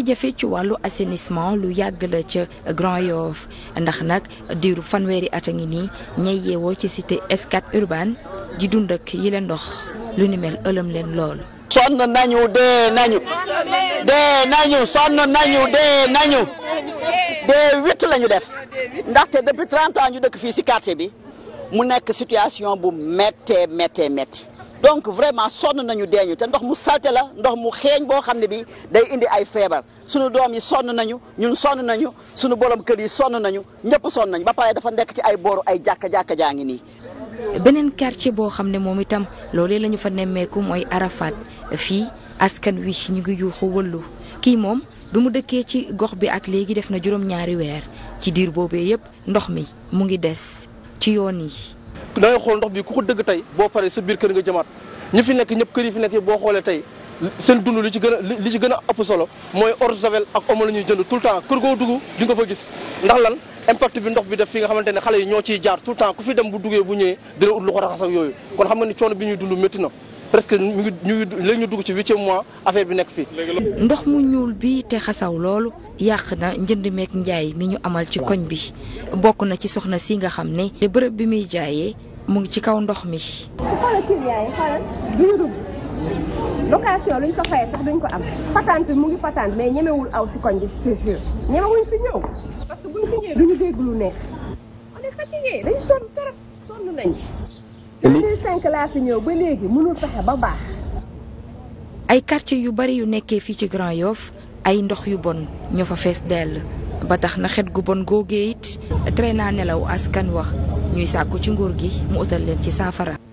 jafe-jafe ci wàllu assainissement lu yàgg la ca Grand Yoff ndax nag diiru fanweeri at a ngi nii ñay yeewoo ci cité Scat Urbam di dund ak yi la ndox lu ni mel ëlëm leen loolu. sonn nañu dee nañu dee nañu dee nañu dee def ndaxte depuis trente ans dëkk fii si quartier bi mu nekk situation bu méttee méttee métti. donc vraiment sonn nañu deeñu te ndox mu salte la ndox mu xeeñ boo xam ne bi day indi ay feebar suñu doom yi sonn nañu ñun sonn nañu suñu borom kër yi sonn nañu ñëpp sonn nañu ba pare dafa nekk ci ay booru ay jàkka-jàkka jaa ngi nii beneen quartier boo xam ne moom itam loolee la ñu fa nemmeeku mooy Arafat fii askan wi ñu ngi yuuxu wëllu kii moom bi mu dëkkee ci gox bi ak léegi def na juróom-ñaari weer ci diir boobee yépp ndox mi mu ngi des ci yoon yi da ngay xool ndox bi ku ko dëgg tey boo paree sa biir kër nga jëmaat ñi fi nekk ñëpp kër yi fi nekk boo xoolee tey seen dund li ci gën a li ci gën a ëpp solo mooy eau de javel ak omo la ñuy jënd tout le temps kër goo dugg di nga fa gis ndax lan impact bi ndox bi def fi nga xamante xale yi ñoo ciy jaar tout le temps ku fi dem bu duggee bu ñëwee dina ut lu ko raxas yooyu kon xam coono bi ñuy dund métti na presque ñu ngi ñu ñu dugg ci huitième mois affaire bi nekk fii. ndox mu ñuul bi te xasaw loolu yàq na njënd meek njaay mi ñu amal ci koñ bi bokk na ci soxna si nga xam ne. te bërëb bi muy jaayee mu ngi ci kaw ndox mi. xoolal client ko am patente bi mu ngi patente mais ñemewul aw si koñ bi je te jure ñemewuñ fi ñëw parce que buñ fi ñëwee duñu dégg lu nekk cinq ba léegi mënul fexe ay quartier yu bari yu nekkee fii ci Grand Yoff ay ndox yu bon ñoo fa fees dell ba tax na xet gu bon googee it tere naa nelaw askan wax ñuy sàkku ci nguur gi mu utal leen ci saafara.